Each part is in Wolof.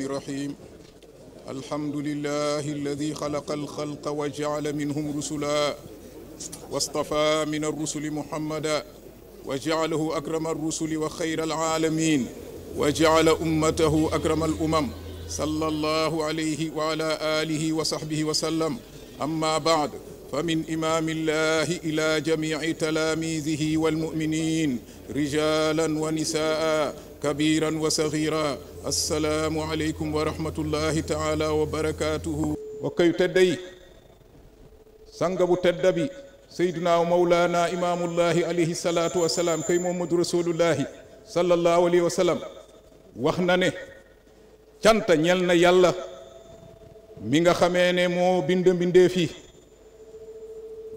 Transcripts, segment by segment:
الرحمن الرحيم الحمد لله الذي خلق الخلق وجعل منهم رسلا واصطفى من الرسل محمدا وجعله أكرم الرسل وخير العالمين وجعل أمته أكرم الأمم صلى الله عليه وعلى آله وصحبه وسلم أما بعد فمن إمام الله إلى جميع تلاميذه والمؤمنين رجالا ونساء كبيرا وصغيرا asalaamualeykum wa rahmatullahi taala wa barakaatuhu bokk yu tedd yi bu tedda bi sayduna wa mawlaana imaamullahi alayhi salaatu wa salaam kay muhammadu rasulullahi sallallahu alayhi wa sallam wax na ne cant ñel yàlla mi nga xamee ne moo bind mbindeef yi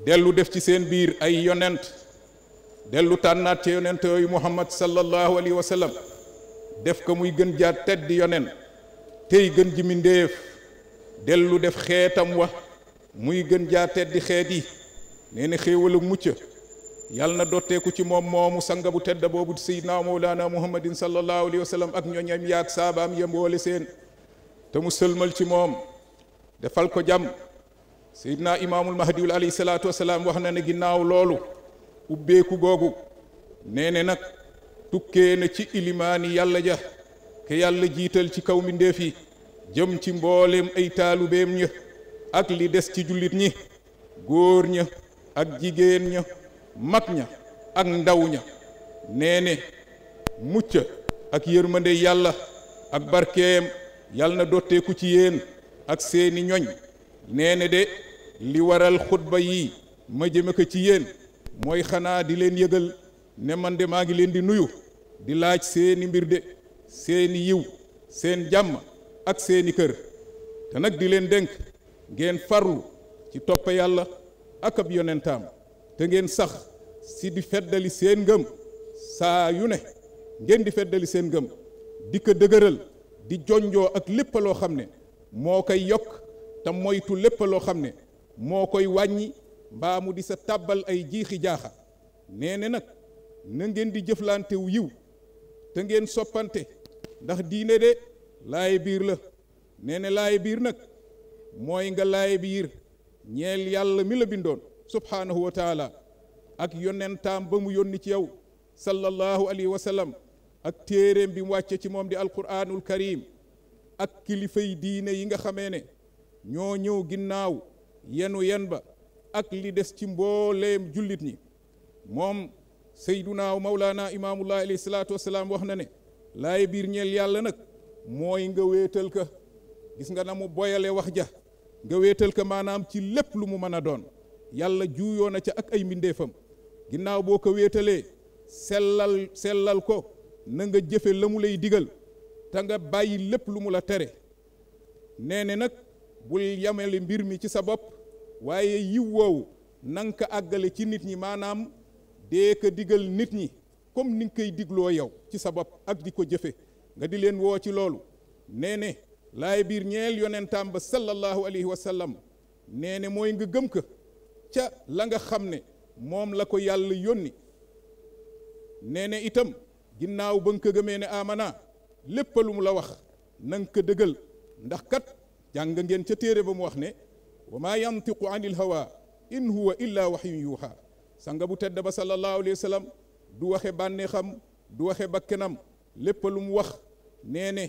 dellu def ci seen biir ay yonent dellu tànnaat ci yonent yooyu muhammad sallallahu alayhi wa sallam def ko muy gën jaa tedd yonen tey gën ji mindéef dellu def xeetam wa muy gën jaa teddi xeet yi nee na xéewal ak mucc yàlla na dotteeku ci moom moomu sanga bu tedda boobu sayidnaa mawlaana muhammadin sallallahu alayhi wa sallam ak ñoñam yaag saabaam yemboole seen te mu sëlmal ci moom defal ko jàmm sayidnaa imaamul mahdiwul alayhi salaatu wasalaam wax na ne ginnaaw loolu ubbeeku googu nee nag tukkee na ci ilimaani yàlla ja ke yàlla jiital ci kaw mbindéef yi jëm ci mbooleem ay taalubeem ña ak li des ci jullit ñi góor ña ak jigéen ña mag ña ak ndaw ña neene ne mucc ak yërmande yàlla ak barkeem yàlla na dotteeku ci yéen ak seeni ñoñ nee de li waral xutba yi ma jëme ko ci yéen mooy xanaa di leen yëgal ne man de maa ngi leen di nuyu di laaj seeni mbir de seeni yiw seen jàmm ak seeni kër te nag di leen dénk ngeen farlu ci topp yàlla ak ab yonentaam te ngeen sax si di feddali seen ngëm saa yu ne ngeen di feddali seen ngëm di ko dëgëral di jonjoo ak lépp loo xam ne moo koy yokk te moytu lépp loo xam ne moo koy wàññi mbaa di sa tàbbal ay jiixi jaaxa nee ne nag na ngeen di jëflantewu wu yiw te ngeen soppante ndax diine de laay biir la nee na laay biir nag mooy nga laay biir ñeel yàlla mi la bindoon subhaanahu ak yonentaam ba mu yónni ci yow sallallahu alayhi wa ak téeréem bi mu wàcce ci moom di alquranul karim ak kilifay diine yi nga xamee ne ñoo ñëw ginnaaw yenu yen ba ak li des ci mbooleem jullit ñi moom saydunaaw mawlaana imaamullahi alayhi salaatu wasalaam wax na ne laay biir ñeel yàlla nag mooy nga wéetal ka gis nga na mu boyale wax ja nga wéetal ka maanaam ci lépp lu mu mën a doon yàlla juuyoo na ca ak ay mbindeefam ginnaaw boo ko wéetalee sellal sellal ko na nga jëfe la mu lay digal te bàyyi lépp lu mu la tere nee ne nag bul yamale mbir mi ci sa bopp waaye yiw woowu na ko àggale ci nit ñi maanaam dee ko digal nit ñi comme ni koy digloo yow ci sa bopp ak di ko jëfe nga di leen woo ci loolu nee ne laay biir ñeel yonentaam ba sallallahu alayhi wa sallam nee ne mooy nga gëm ko ca la nga xam ne moom la ko yàlla yónni nee ne itam ginnaaw ba nga ko gëmee ne amana lépp lu mu la wax na nga ko dëgël ndax kat jàng ngeen ca téere ba mu wax ne wa maa yantiqu anil hawa in huwa illa waxyun yuuxa sanga bu tedd ba sallallahu alayhi wa sallam du waxe bànneexam du waxe bakkanam lépp lu mu wax nee ne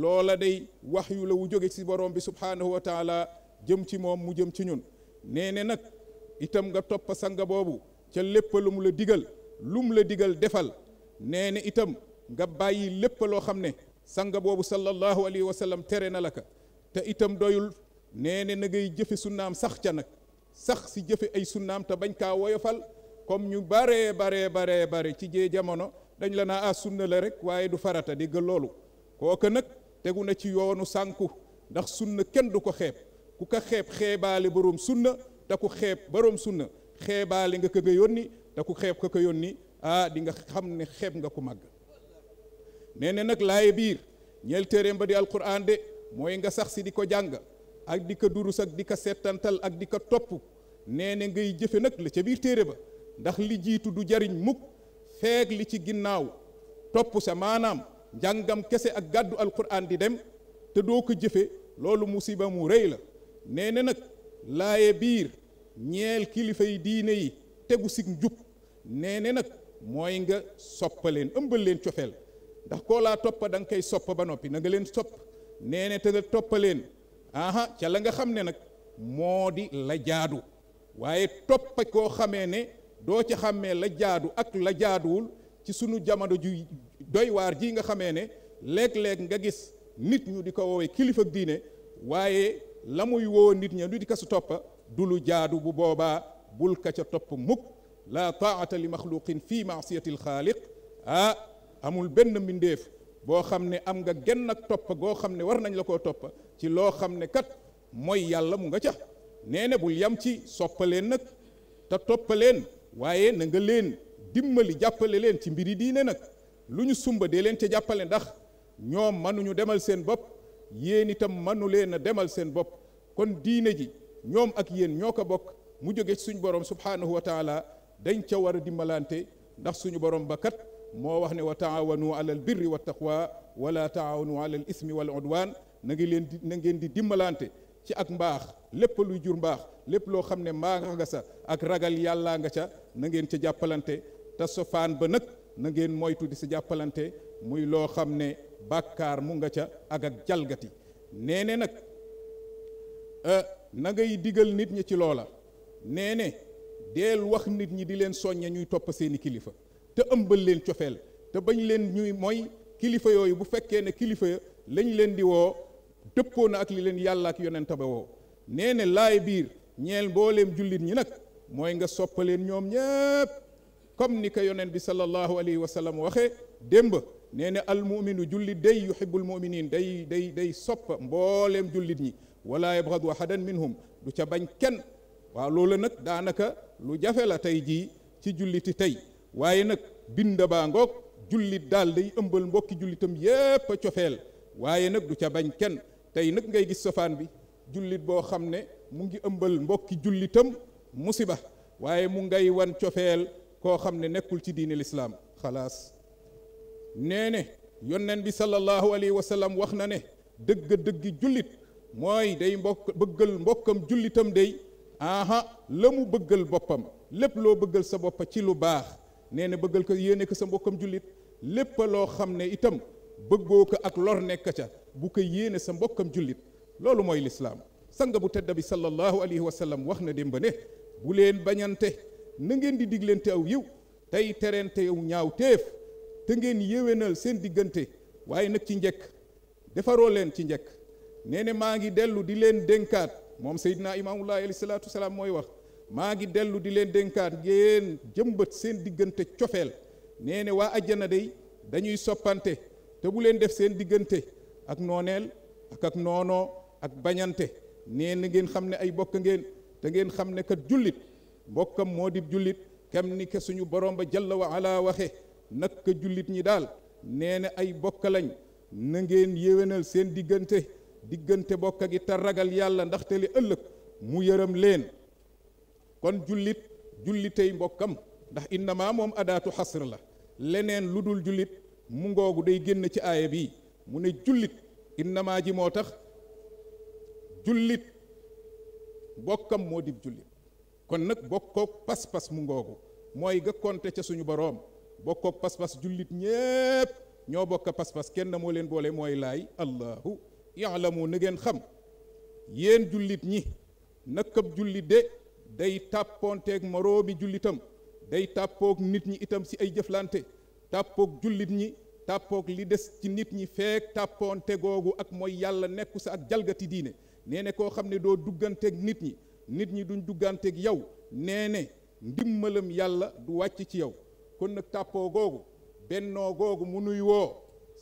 loola day wax yu la wu jóge ci borom bi subhaanahu wa taala jëm ci moom mu jëm ci ñun nee ne nag itam nga topp sanga boobu ca lépp lu mu la digal lu mu la digal defal nee ne itam nga bàyyi lépp loo xam ne sanga boobu sallallahu alayhi wa sallam tere na la ka te itam doyul nee ne na ngay jëfe naam sax ca nag sax si jëfe ay sunnaam bañ kaa woyofal comme ñu baree baree baree bare ci jee jamono dañu la naa ah sunna la rek waaye du farata di gë loolu kooka nag tegu na ci yoonu sànku ndax sunna kenn du ko xeep ku ko xeeb xeebaali boroom sunna te ku xeeb boroom sunna xeebaali nga ko nga yónni te ku xeeb ko ko yónni ah di nga xam ne xeeb nga ku màgg nee na nag laaye biir ñeel téeréem ba di alquran de mooy nga sax si di ko jàng ak di ko durus ak di ko settantal ak di ko topp nee na ngay jëfe nag la ca biir téere ba ndax li jiitu du jariñ mukk feeg li ci ginnaaw topp sa maanaam njàngam kese ak gàddu alquran di dem te doo ko jëfe loolu musiba mu rëy la nee na nag laaye biir ñeel kilifa yi diine yi tegu sig njub nee na nag mooy nga soppaleen ëmbal leen cofeel ndax koo laa toppa danga koy soppa ba noppi na nga leen sopp nee na te nga toppaleen aha ca la nga xam ne nag moo di la jaadu waaye topp koo xamee ne doo ca xàmmee la jaadu ak la jaaduwul ci sunu jamono ju doy waar ji nga xamee ne léeg-léeg nga gis nit ñu di ko woowee kilifa diine waaye la muy woo nit ña du di ko su toppa du lu jaadu bu boobaa bul ka ca topp mukk laa taata li maxluqin fi maasiyati alxaaliq ah, amul benn mbindeef boo xam ne am nga genn ak topp goo xam ne war nañ la koo topp ci loo xam ne kat mooy yàlla mu nga ca nee na bul yam ci soppaleen nag te toppaleen waaye nanga leen dimbali jàppale leen ci mbiri diine nag lu ñu sumba dee leen ca jàppale ndax ñoom mënuñu demal seen bopp yéen itam mënu leen a demal seen bopp kon diine ji ñoom ak yéen ñoo ko bokk mu jóge ci suñu borom subhaanahu wa dañ ca war a dimbalante ndax suñu borom ba kat moo wax ne wa taawanu ala albirri wa taqwa wala taawanu ala al ismi wal udwan na leen di na di dimbalante ci ak mbaax lépp luy jur mbaax lépp loo xam ne mbaax nga sa ak ragal yàllaa nga ca nangeen ca jàppalante te sofaan ba nag na ngeen moytu di sa jàppalante muy loo xam ne bàkkaar mu nga ca ak ak jalgati nee ne nag e, na ngay digal nit ñi ci loola nee ne deel wax nit ñi di leen soññe ñuy topp seeni kilifa te ëmbal leen cofeel te bañ leen ñuy mooy kilifa yooyu bu fekkee ne kilifa lañ leen di woo dëppoo na ak li leen yàlla ak yonent ba woo nee ne laay biir ñeel mbooleem jullit ñi nag mooy nga soppaleen ñoom ñépp comme ni ko yonent bi sallallahu alayhi wa sallam waxee démb nee ne almuminu jullit day yuhibbul muminin day day day soppa mbooleem jullit ñi wala yabghadu ahadan minhum du ca bañ kenn waaw loolu nag daanaka lu jafe la tey jii ci julliti tey waaye nag bind baa ngoog jullit daal day ëmbal mbokki jullitam yépp a cofeel waaye nag du ca bañ kenn tey nag ngay gis sofaan bi jullit boo xam ne mu ngi ëmbal mbokki jullitam musiba waaye mu ngay wan cofeel koo xam ne nekkul ci diine lislaam xalaas nee ne yonent bi sallallahu alayhi wa sallam wax na ne dëgg dëggi jullit mooy day mbokk bëggal mbokkam jullitam day aha la mu bëggal boppam lépp loo bëggal sa boppa ci lu baax nee na bëggal ko yéene ko sa mbokkam jullit lépp loo xam ne itam bëggoo ko ak lor nekk ca bu ko yéene sa mbokkam jullit loolu mooy lislaam sanga bu tedda bi sallallahu alayhi wa sallam wax na démb ne bu leen bañante na ngeen di diglante aw yiw tey terente yow ñaaw téef te ngeen yéwénal seen diggante waaye nag ci njëkk defaroo leen ci njëkk nee ne maa ngi dellu di leen dénkaat moom Seydina Imaamullahi alayhi salaatu salaam mooy wax maa ngi dellu di leen denkaat ngeen jëmbat seen diggante cofeel neene waa ajjana day dañuy soppante te bu leen def seen diggante ak nooneel ak ak noonoo ak bañante nee na ngeen xam ne ay bokk ngeen te ngeen xam ne kat jullit mbokkam moo di jullit kam ni ke suñu borom ba jalla wa ala waxe naka jullit ñi daal nee na ay bokk lañ na ngeen yéwénal seen diggante diggante bokk gi te ragal yàlla ndaxte li ëllëg mu yërëm leen kon jullit jullitey mbokkam ndax innama moom adaatu xasr la leneen lu dul jullit mu ngoogu day génn ci aaya bii mu ne jullit innamaa ji moo tax jullit bokkam moo dib jullit kon nag bokkook pas-pas mu ngoogu mooy nga ca suñu boroom bokkoog pas-pas jullit ñépp ñoo bokk pas-pas kenn moo leen boole mooy laay allahu yaalamu na ngeen xam yéen jullit ñi nakab jullit de day tàppoonteeg moroomi jullitam day tàppook nit ñi itam si ay jëflante tàppook jullit ñi tàppoog li des ci nit ñi feek tàppoonte googu ak mooy yàlla nekku sa ak jalgati diine nee ne koo xam ne doo dugganteeg nit ñi nit ñi duñ dugganteeg yow nee ne ndimmalam yàlla du wàcc ci yow kon nag tàppoo googu bennoo googu mu nuy woo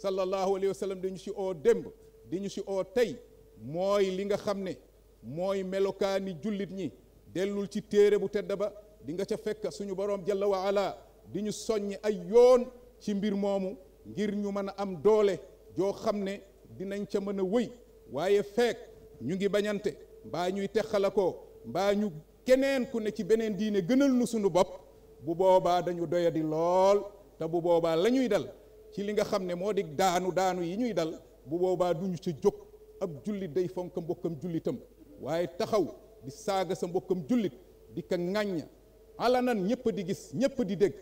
sallallahu alayhi wa sallam di si oo démb di ñu si oo tey mooy li nga xam ne mooy melokaani jullit ñi dellul ci téere bu tedd ba di nga ca fekk suñu boroom jalla wa ala di ñu soññ ay yoon ci mbir moomu ngir ñu mën a am doole joo xam ne dinañ ca mën a wëy waaye fekk ñu ngi bañante mbaa ñuy texale ko mbaa ñu keneen ku ne ci beneen diine gënal nu suñu bopp bu boobaa dañu doyadi lool te bu boobaa la ñuy dal ci li nga xam ne moo di daanu daanu yi ñuy dal bu boobaa duñu ca jóg ab jullit day fonk mbokkam jullitam waaye taxaw di saaga sa mbokkam jullit di ko ŋàññ alanan ñëpp di gis ñëpp di dégg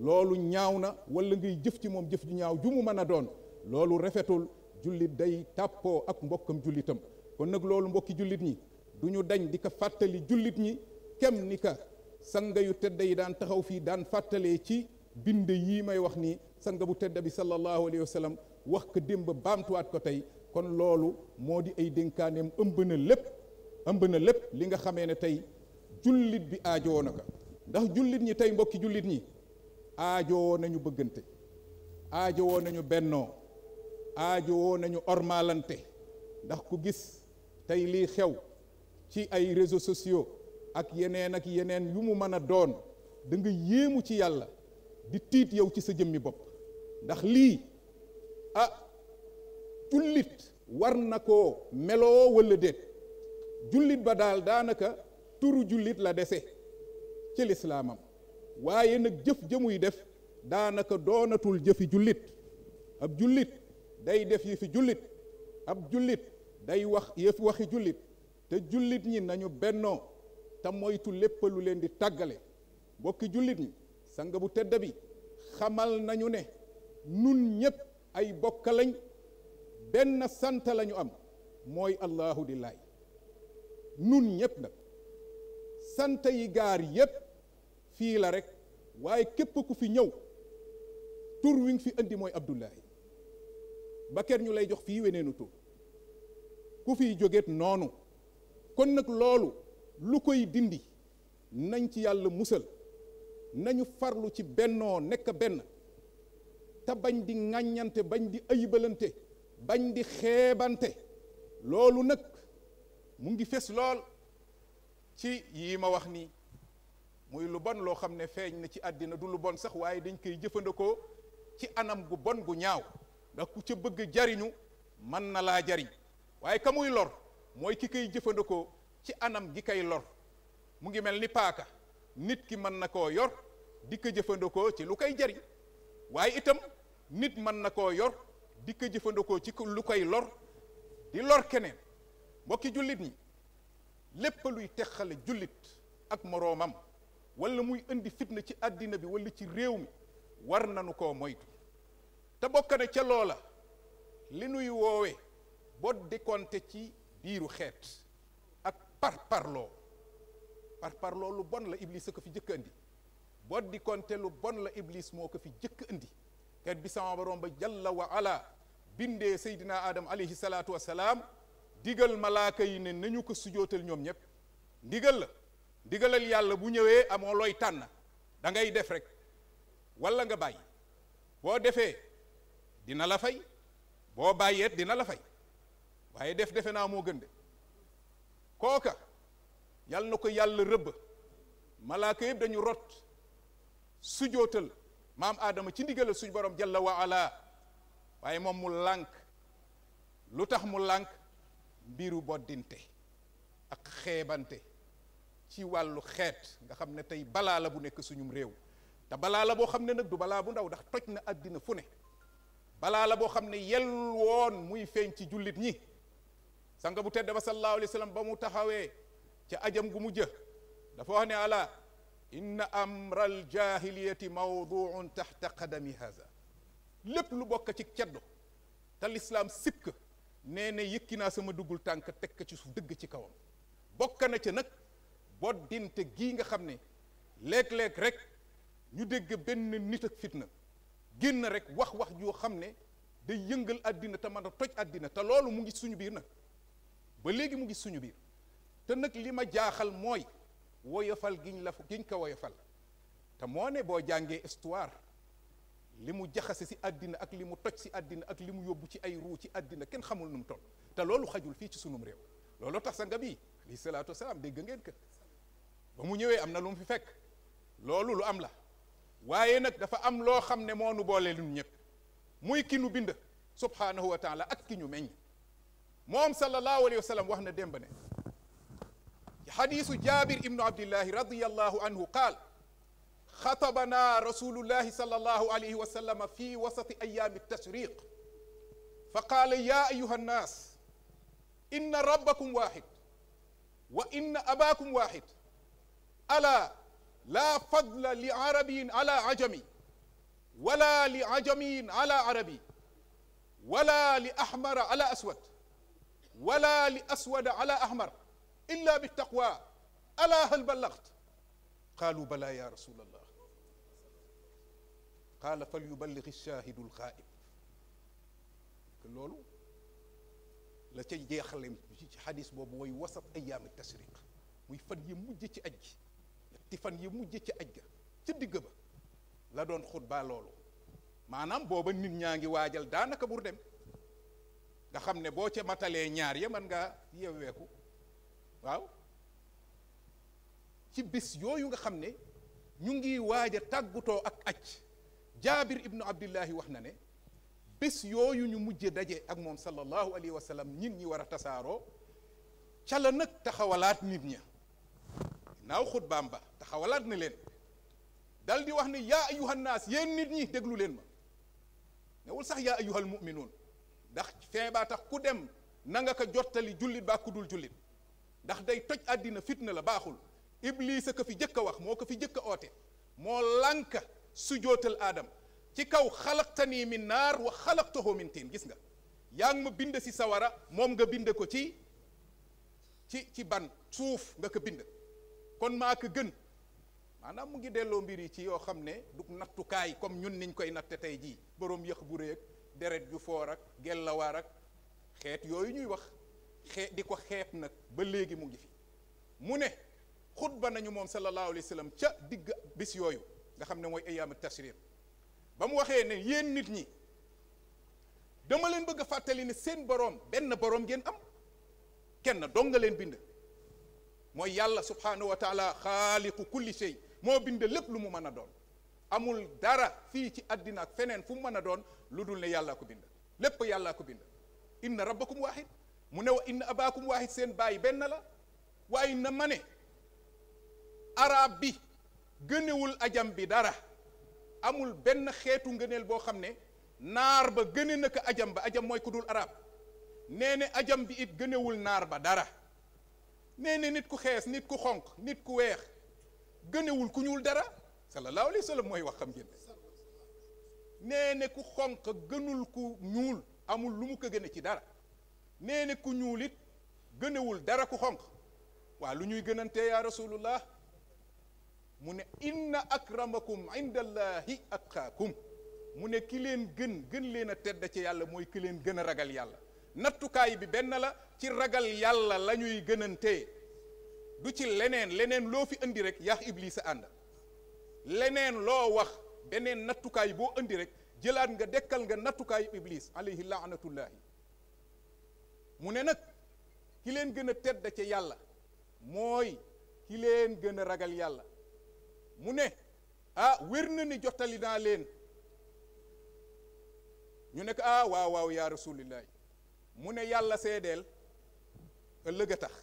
loolu ñaaw na wala ngay jëf ci moom jëf ju ñaaw ju mu mën a doon loolu rafetul jullit day tàppoo ak mbokkam jullitam kon nag loolu mbokki jullit ñi du ñu dañ di ko fàttali jullit ñi kem ni ka sanga yu tedd yi daan taxaw fii daan fàttalee ci bind yii may wax nii sanga bu tedd bi sallallahu alayhi wa wax ko démb baamtuwaat ko tey kon loolu moo di ay dénkaaneem ëmb na lépp ëmb na lépp li nga xamee ne tey jullit bi aajowoo na ko ndax jullit ñi tey mbokki jullit ñi aajowoo nañu bëggante aajowoo nañu bennoo aajowoo nañu ormalante ndax ku gis tey lii xew ci ay réseau sociaux ak yeneen ak yeneen yu mu mën a doon danga yéemu ci yàlla di tiit yow ci sa jëmmi bopp ndax lii ah jullit war na koo meloo walla déet jullit ba daal daanaka turu jullit la dese ci lislaamam waaye nag jëf jëmuy def daanaka doonatul jëfi jullit ab jullit day def yëfi jullit ab jullit day wax yëf waxi jullit te jullit ñi nañu bennoo te moytu lépp lu leen di tàggale bokki jullit ñi sang bu tedd bi xamal nañu ne nun ñépp ay bokka lañ benn sant lañu am mooy allahu di laay nun ñépp nag sant yi gaar yépp fii la rekk waaye képp ku fi ñëw tur wi fi indi mooy Abdoulaye ba ker ñu lay jox fii weneenu tur ku fiy jógeet noonu kon nag loolu lu koy dindi nañ ci yàlla musal nañu farlu ci bennoo nekk benn te bañ di ŋàññante bañ di ayibalante bañ di xeebante loolu nag mu ngi fes lool ci yi ma wax nii muy lu bon loo xam ne feeñ na ci àddina du lu bon sax waaye dañ koy jëfandikoo ci anam gu bon gu ñaaw ndax ku ca bëgg jariñu mën na laa jariñ waaye ka muy lor mooy ki koy jëfandikoo ci anam gi koy lor mu ngi mel ni paaka nit ki mën na koo yor di ko jëfandikoo ci lu koy jariñ waaye itam nit mën na koo yor di ko jëfandikoo ci lu koy lor di lor keneen mbokki jullit ñi lépp luy texale jullit ak moroomam walla muy indi fitna ci àddina bi wala ci réew mi war nanu koo moytu te bokk na ca loola li nuy woowe boddikonte ci biiru xeet ak par parloo par parloo lu bon la iblis a ko fi jëkk andi boddikonte lu bon la iblis moo ko fi jëkk indi kat bi sama borom ba jalla wa ala bindee seydina adam alayhi salaatu wa salaam digal malaaka yi ne nañu ko sujootal ñoom ñëpp ndigal la ndigalal yàlla bu ñëwee amoo looy tànn dangay def rekk wala nga bàyyi boo defee dina la fay boo bàyyeet dina la fay waaye def defe naa moo gën de kooka yal na ko yàlla rëbb malaaka yëpp dañu rot sujootal maam aadama ci ndigalal suñ borom jalla wa ala waaye moom mu lànk lu tax mu lànk mbiru boddinte ak xeebante ci wàllu xeet nga xam ne tey balaa la bu nekk suñum réew te balaa la boo xam ne nag du balaa bu ndaw ndax toj na àddina fu ne balaa la boo xam ne yel woon muy feeñ ci jullit ñi sanga bu tedd ba sallallahu alayhi wa sallam ba mu taxawee ca ajam gu mu jë dafa wax ne ala inna amra aljahiliyati mawduun taxta qadami haza lépp lu bokk ci ceddo te lislaam sib ka nee ne yëkki naa sama duggul tànk teg ci suuf dëgg ci kawam bokk na ca nag boddinte gii nga xam ne léeg-léeg rek ñu dégg benn nit ak fitna génn rek wax-wax joo xam ne da yëngal àddina te mën a toj àddina te loolu mu ngi suñu biir nag ba léegi mu ngi suñu biir te nag li ma jaaxal mooy woyofal giñ la giñ ko woyofal te moo boo jàngee histoire li mu jaxase si àddina ak li mu toj si àddina ak li mu yóbbu ci ay ruu ci àddina kenn xamul nu mu toll te loolu xajul fii ci sunum réew looloo tax sa nga bii alayhi salaatu wasalaam dégg ngeen ko ba mu ñëwee am na lu fi fekk loolu lu am la waaye nag dafa am loo xam ne moo nu boole ñun ñëpp muy ki nu bind subhaanahu wa taala ak ki ñu meññ moom sallallahu alayhi wa sallam wax na démb ne xadiisu jaabir ibnu abdillahi radiallahu anhu qaal xatabana rasulullahi sallallahu alayhi wa sallam fi wasati ayaami tashriq fa qaala ya ayuha nnaas inna rabbakum waaxid wa inna abaakum waaxid ala laa fadla li arabiyin ala ajami wala li ajamiyin ala arabi wala li ahmara ala aswad wala li aswada ala ahmar illa bi taqwa ala hal ballagt qaalu bala ya rasul allah qaala fal yuballig shaahidu lxaaib loolu la ca jeexalem ci xadis boobu mooy wasat ayaam tashriq muy fan yi mujj ci aj ñetti fan yi mujj ci aj ga ca digg ba la doon xutbaa loolu maanaam booba nit ñaa ngi waajal daanaka bur dem nga xam ne boo ca matalee ñaar ya ngaa yewweeku waaw ci bis yooyu nga xam ne ñu ngi waaj a tàggutoo ak aj jaabir ibnu abdillahi wax na ne bés yooyu ñu mujje daje ak moom sallallahu alayhi wa sallam nit ñi war a tasaaroo ca nag taxawalaat nit ña naaw xutbaam ba taxawalaat na leen dal di wax ne yaa ayuha naas ñi déglu leen ma newul sax yaa ayuhal muminuun ndax fin baa tax ku dem na nga ko jottali jullit baa ku dul jullit ndax day toj àddina fitna la baaxul ibliis a ko fi jëkk a wax moo ko fi jëkk a oote moo lànk su jootal aadam ci kaw xalaqtanii min naar wa xalaqtahu min gis nga yaa ngi ma bind si sawara moom nga bind ko ci ci ci ban suuf nga ko bind kon maa ko gën maanaam mu ngi delloo mbir yi ci yoo xam ne du nattukaay comme ñun niñ koy natte tey jii boroom yëx bu rëy ak deret ju foor ak gellawaar ak xeet yooyu ñuy wax xee di ko xeeb nag ba léegi mu ngi fi mu ne xut ba nañu moom sallallahu alayhi wa ca digg bis yooyu nga xam ne mooy ayaamu tashriq ba mu waxee ne yéen nit ñi dama leen bëgg a fàttali ne seen boroom benn boroom ngeen am kenn dong nga leen bind mooy yàlla subhaanahu wa taala kulli shay moo bind lépp lu mu mën a doon amul dara fii ci àddina ak feneen fu mu mën a doon lu dul ne yàllaa ko bind lépp yàllaa ko bind inna rabbakum waahid mu ne wa inna abaakum waahid seen baay benn la waaye na ma ne arab bi gënewul ajam bi dara amul benn xeetu ngëneel boo xam ne naar ba gëne na ko ajam ba ajam mooy ku dul arab nee ne ajam bi it gënewul naar ba dara nee ne nit ku xees nit ku xonq nit ku weex gënewul ku ñuul dara sallallahu alayhi wa sallam mooy wax xam ngeen nee ne ku xonq gënul ku ñuul amul lu mu ko gën a ci dara nee ne ku ñuul it gënewul dara ku xonq waa lu ñuy gënantee yaa rasulullah mu ne inna akramakum inda allahi atqaakum mu ne ki leen gën gën leen a tedd ci yàlla mooy ki leen gën a ragal yàlla nattukaay bi benn la ci ragal yàlla la ñuy gënantee du ci leneen leneen loo fi indi rek yaax iblis a ànd leneen loo wax beneen nattukaay boo indi rek jëlaat nga dekkal nga nattukaayu iblis alayhi laanatullahi mu ne nag ki leen gën a tedd ca yàlla mooy ki leen gën a ragal yàlla mu ne ah wér na ni jottali naa leen ñu nekk ko ah waaw waaw yaa rasulillahi mu ne yàlla seedeel ëllëg a tax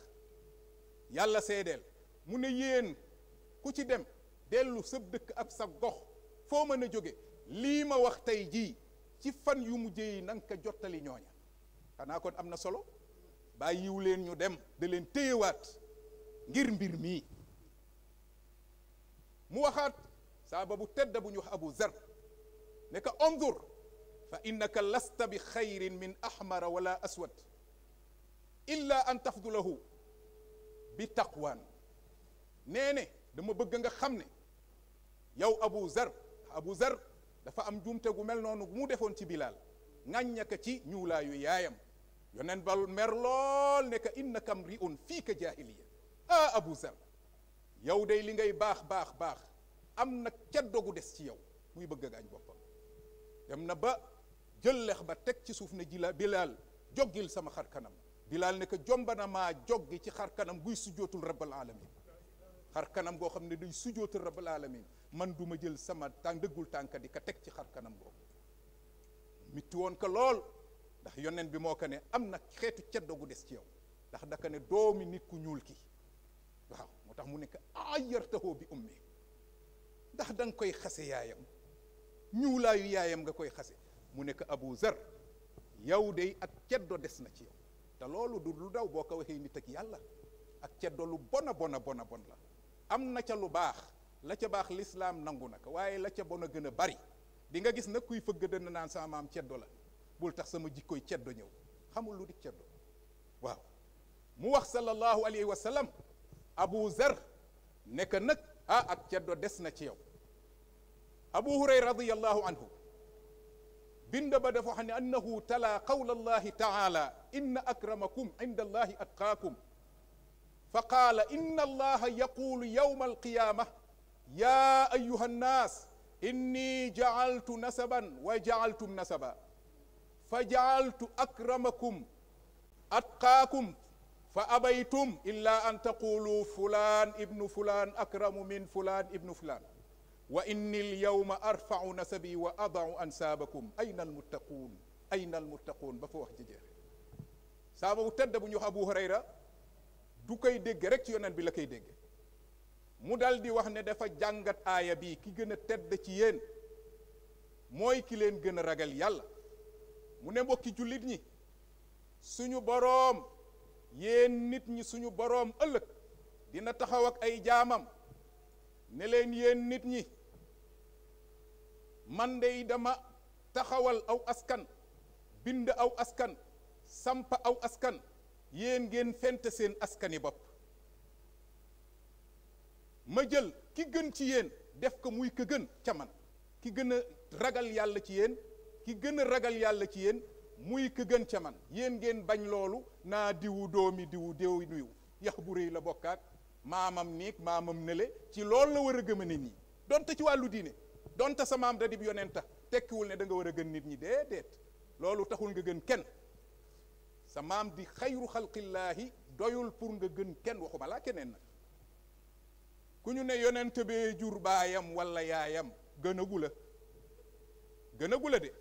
yàlla seedeel mu ne yéen ku ci dem dellu sab dëkk ak sa gox foo mën a jóge lii ma wax tey jii ci fan yu mujj yi na jottali ñooña xanaa kon am na solo bàyyiw leen ñu dem da leen téyewaat ngir mbir mii mu waxaat saaba bu tedd bu ñu wax abu zar ne ka ondur fa innaka lasta bi xayrin min ahmara wala aswad illa an tafdulahu bi taqwaan nee ne dama bëgg nga xam ne yow abu zar abu zar dafa am juumte gu mel noonu mu defoon ci bilaal ŋàññaka ci ñuulaayu yaayam yonen bal mer lool ne ka innaka mriun fii ka jaahiliya ah abu zar yow day li ngay baax baax baax am nag ca dogu des ci yow muy bëgg a gaañ boppam dem na ba jël lex ba teg ci suuf na jila bilaal joggil sama xar kanam bilaal ne ko jombana maa joggi ci xar kanam guy sujootul rabbal alamin xar kanam goo xam ne day sujootul rabbal alamin man duma jël sama tàn dëggul tànka di ko teg ci xar kanam googu mitti woon ko lool ndax yonen bi moo ko ne am na xeetu ceddo gu des ci yow ndax daka ne doomi ku ñuul ki waaw moo tax mu nekk ayartahoo bi ummi ndax da koy xase yaayam ñuulaayu yaayam nga koy xase mu nekk Abu Zar yow de ak ceddo des na ci yow te loolu du lu daw boo ko waxee nit ak yàlla ak ceddo lu bona bona bona bon la am na ca lu baax la ca baax lislaam nangu nag waaye la ca bon a gën a bari di nga gis nag kuy fëgg dënn naan sama maam ceddo la bul tax sama jikkoy ceddo ñëw xamul lu di ceddo waaw mu wax sallallahu alayhi wa Abu Zar nekk nag ah ak ceddo des na ci yow Abu Hurayra radiyallahu anhu bind ba dafa xam ne annahu tala qawla allahi taala inna akramakum inda allahi atqaakum fa qaala inna allaha yaquulu yawma alqiyaama yaa ayuha nnaas inni jacaltu nasaban wa jacaltum nasaba fa jacaltu akramakum atqaakum fa abaytum illa an taqulu fulaan ibnu fulaan akramu min fulaan ibnu fulaan wa inni alyawma arfau nasabi wa adau ansaabakum ayna almuttaquun ayna almuttaquun ba fa wax ji jeex saaba bu tëdd bu ñu wax abu hurayra du koy dégg rek ci yonent bi la koy dégg mu dal di wax ne dafa jàngat aaya bi ki gën a tedd ci yéen mooy ki leen gën a ragal yàlla mu ne mbokki jullit ñi suñu boroom yéen nit ñi suñu boroom ëllëg dina taxaw ak ay jaamam ne leen yéen nit ñi man dey dama taxawal aw askan bind aw askan samp aw askan yéen ngeen fent seen askani bopp ma jël ki gën ci yéen def ko muy ka gën ca man ki gën a ragal yàlla ci yéen ki gën a ragal yàlla ci yéen muy ka gën ca man yéen ngeen bañ loolu naa diwu doomi diwu déew nuyu yax bu réy la bokkaat maamam niig maamam nele ci loolu la war a gëm a ne nii donte ci wàllu diine donte sa maam da dib yonenta tekkiwul ne danga war a gën nit ñi déedéet loolu taxul nga gën kenn sa maam di xayru xalqillaahi doyul pour nga gën kenn waxuma laa keneen nag ku ñu ne yonent bee jur baayam walla yaayam gënagula la gënagu de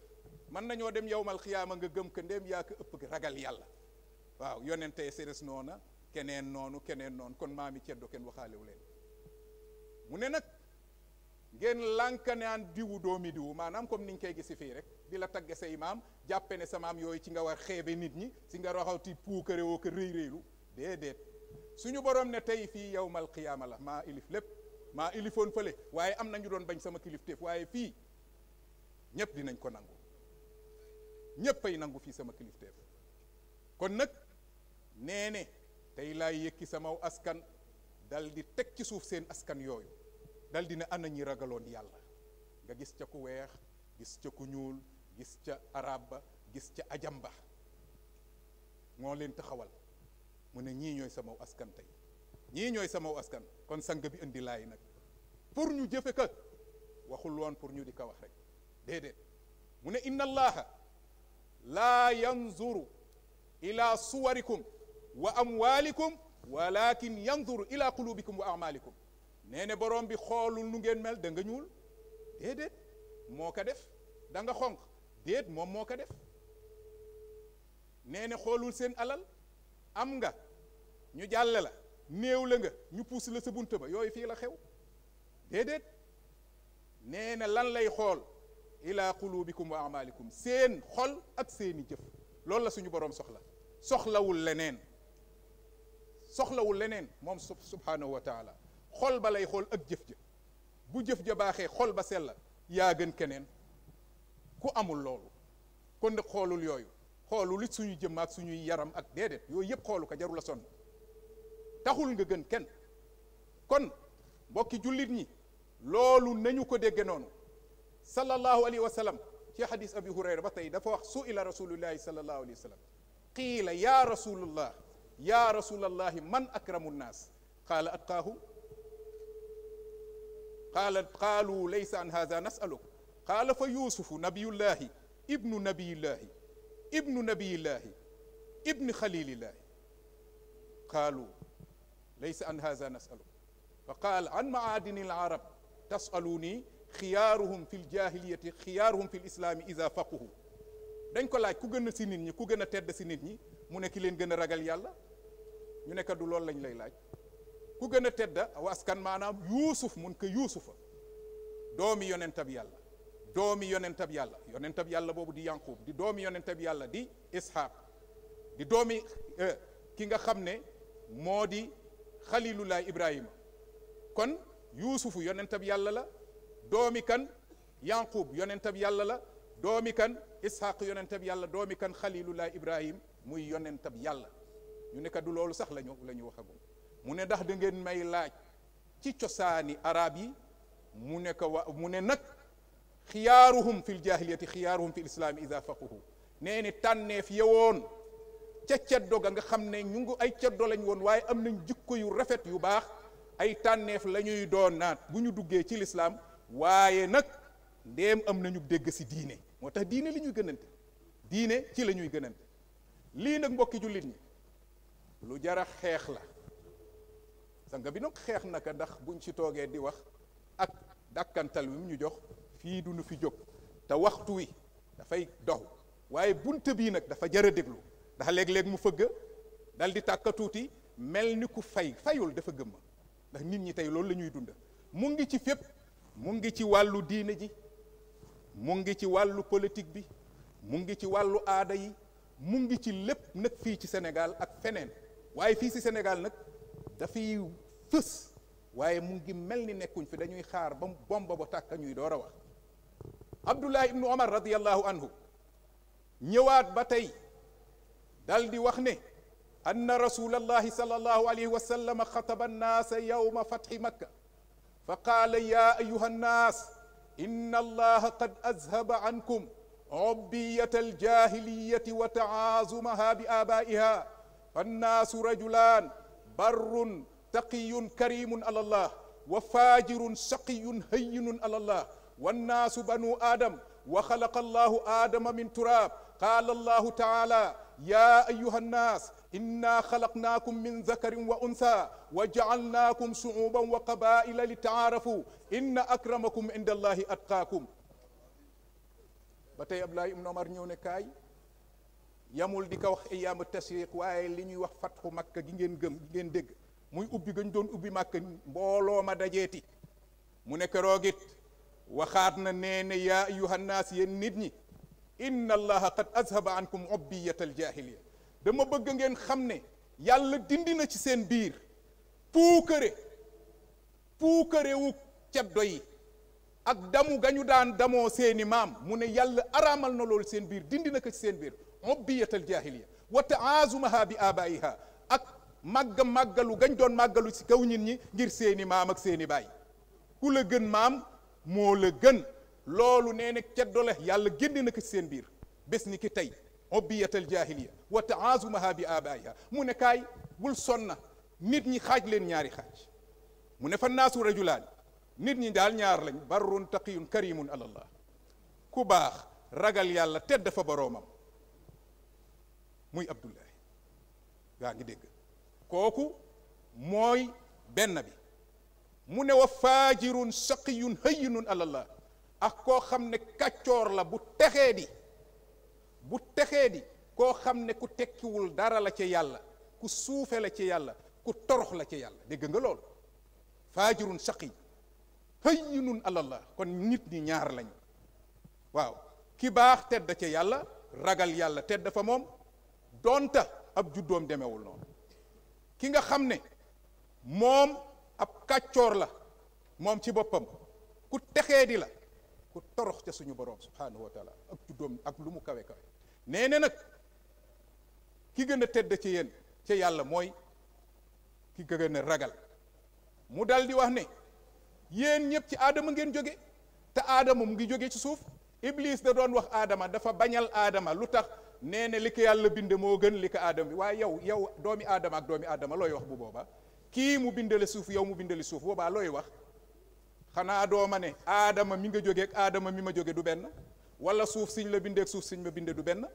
mën nañoo dem yowmal xiyaama nga gëm ko ndéem yaa ko ëpp ragal yàlla waaw yonentee seres noona keneen noonu keneen noonu kon maami ceddo kenn waxaalewu leen mu ne nag ngeen lànkanaan diwu doomi diwu maanaam comme ni ñu koy gisi fii rek di la tagge say maam jàppe ne sa maam yooyu ci nga war xeebe nit ñi si nga raxawti puukare woo ko rëy rëylu déedéet suñu boroom ne tey fii yawmal qiyaama la maa ilif lépp maa ilifoon fële waaye am nañu doon bañ sama kilifteef waaye fii ñépp dinañ ko nangu ñépp nangu fii sama kilifteef kon nag nee ne tey laay yëkki samaw askan dal di teg ci suuf seen askan yooyu dal dina ana ñi ragaloon yàlla nga gis ca ku weex gis ca ku ñuul gis ca arab ba gis ca ajamba moo leen taxawal mu ne ñii ñooy sama askan tey ñii ñooy sama askan kon sang bi indi laay nag pour ñu jëfe ka waxul woon pour ñu di ko wax rek déedéet mu ne inna allaha laa yanzuru ila suwarikum wa amwalikum walakin yanzuru ila qulubikum wa amalikum nee ne borom bi xoolul nu ngeen mel da nga ñuul déedéet moo ko def danga xonq déet moom moo ko def nee ne xoolul seen alal am nga ñu jàlle la néew la nga ñu puus la sa bunt ba yooyu fii la xew déedéet nee na lan lay xool ila qulubikum wa amalikum seen xol ak seeni jëf loolu la suñu borom soxla soxlawul leneen soxlawul leneen moom subhanahu wa taala xol ba lay xool ak jëf ja bu jëf ja baaxee xol ba sell yaa gën keneen ku amul loolu kon nag xoolul yooyu xoolul it suñu jëmm ak suñuy yaram ak déedéet yooyu yëpp xoolu ko jarula a taxul nga gën kenn kon mbokki jullit ñi loolu nañu ko dégge noonu sallallahu alayhi wa sallam ci xadis abi hurayra ba tey dafa wax su ila rasulillahi sallallahu alayhi wa sallam qiila yaa rasulullah yaa rasulallahi man akramu nnaas qaala atqaahu qaala qaalu laysa an hada nasaluk qaala fa yuusufu nabiyullahi ibnu nabiyillaahi ibnu nabiyillaahi ibni xalilillaahi qaalu laysa an hada nasaluk fa qaal an maadini alarab tasaluni xiyaaruhum fi ljahiliyati xiyaaruhum fi lislaami ida faquhu dañ ko laaj ku gën a si nit ñi ku gën a tedd si nit ñi mu ne ki leen gën a ragal yàlla ñu ne ka du loolu lañ lay laaj ku gën a tedda aw askan maanaam yuusuf mun ko yuusufa doomi yonentab yàlla doomi yonentab yàlla yonentab yàlla boobu di yanqub di doomi yonentab yàlla di ishaq di doomi eh, ki nga xam ne moo di xalilullah ibrahima kon yuusufu yonentab yàlla la doomi kan yanqub yonentab yàlla la doomi kan ishaq yonentab yàlla doomi kan xalilullah ibrahim muy yonentab yàlla ñu ne du loolu sax lañu la ñu waxagum mu ne ndax da ngeen may laaj ci cosaani araab yi mu ne ko mu ne nag xiyaaruhum fil jahiliyati xiyaaruhum fil islaami ida faquhu nee ni tànneef yewoon ca ceddo ga nga xam ne ñu ngi ay ceddo lañ woon waaye am nañ jikko yu rafet yu baax ay tànneef lañuy ñuy doon naat bu ñu duggee ci lislaam waaye nag ndéem am nañu dégg si diine moo tax diine li ñuy gënante diine ci lañuy ñuy gënante lii nag mbokki jullit ñi lu jara xeex la sanga bi nag xeex naka ndax buñ ci toogee di wax ak dàkkantal wi mu ñu jox fii du nu fi jóg te waxtu wi dafay dox waaye bunt bii nag dafa jar a déglu ndax léeg-léeg mu fëgg dal di tàkka tuuti mel ni ku fay fayul dafa gëmma ndax nit ñi tey loolu la ñuy dund mu ngi ci fépp mu ngi ci wàllu diine ji mu ngi ci wàllu politique bi mu ngi ci wàllu aada yi mu ngi ci lépp nag fii ci Sénégal ak feneen waaye fii ci Sénégal nag dafay fës waaye mu ngi mel ni nekkuñ fi dañuy xaar ba bomba ba tàkk ñuy door a wax abdullah ibnu omar radiallahu anhu ñëwaat ba tey dal di wax ne anna rasulallahi sallallahu alayhi wa sallam xataba annaasa yowma fatxi makka fa qaala ya ayuha annaas inna allaha qad azhaba ankum عبية الجاهلية وتعازمها بآبائها فالناس رجلان barrun taqiyun karimun ala allah wa faajirun saqiyun hayyinun ala allah wannaasu banu aadam wa xalaqa allahu aadama min turaab qaala allahu taala yaa ayyuha annaas innaa xalaqnaakum min zakarin wa unsa wa jacalnaakum sucuuban wa qabaa'ila li tacaarafu inna akramakum inda allahi atqaakum ba tey Ablaay ibnu Omar ñëw ne kaay yamul di ko wax iyaamu tasriq waaye li ñuy wax fatxu makk gi ngeen gëm gi ngeen dégg muy ubbi gañ doon ubbi makka mbooloo ma dajeeti mu ne keroog waxaat na nee ne yaa ayuhannaas yéen nit ñi inna allaha qad azhaba ankum obbiyata aljahilia dama bëgg ngeen xam ne yàlla dindi na ci seen biir puukare puukare wu ceddo yi ak damu gañu daan damoo seeni maam mu ne yàlla araamal na loolu seen biir dindi na ko ci seen biir ubbiyat al jahiliya wa taazumaha bi abaiha ak màgga màggalu gañ doon màggalu si kaw nit ñi ngir seeni maam ak seeni baay ku la gën maam moo la gën loolu nee na ceddo la yàlla génne na ko seen biir bés ni ki tey ubbiyat al jahiliya wa taazumaha bi abaiha mu ne kaay bul sonna nit ñi xaaj leen ñaari xaaj mu ne fa naasu rajulaan nit ñi daal ñaar lañ barrun taqiyun karimun alallah ku baax ragal yàlla tedd fa boroomam muy Abdoulaye yaa ngi dégg kooku mooy benn bi mu ne wa faajirun saqiyun hayyinun alallah ak koo xam ne kàccoor la bu texee di bu texee di koo xam ne ku tekkiwul dara la ca yàlla ku suufe la ca yàlla ku torox la ca yàlla dégg nga loolu faajirun saqiy hayyinun alallah kon nit ñi ñaar lañu waaw ki baax tedd ca yàlla ragal yàlla tedd fa moom donta ab juddoom demewul noonu ki nga xam ne moom ab kàccoor la moom ci boppam ku texee di la ku torox ca suñu boroom subhaanahu wa ak juddoom ak lu mu kawe kawe nee na nag ki gën a tedd ci yéen ca yàlla mooy ki gën a ragal mu daldi wax ne yéen ñëpp ci aadama ngeen jóge te aadama mu ngi jóge ci suuf iblis da doon wax aadama dafa bañal aadama lu tax nee na li yàlla binde moo gën li ko bi waaye yow yow doomi aadama ak doomi adama looy wax bu boobaa kii mu bindale suuf yow mu bindale suuf boobaa looy wax xanaa dooma ne aadama mi nga jóge ak aadama mi ma jóge du benn wala suuf siñ la bindeek suuf siñ ma binde du benn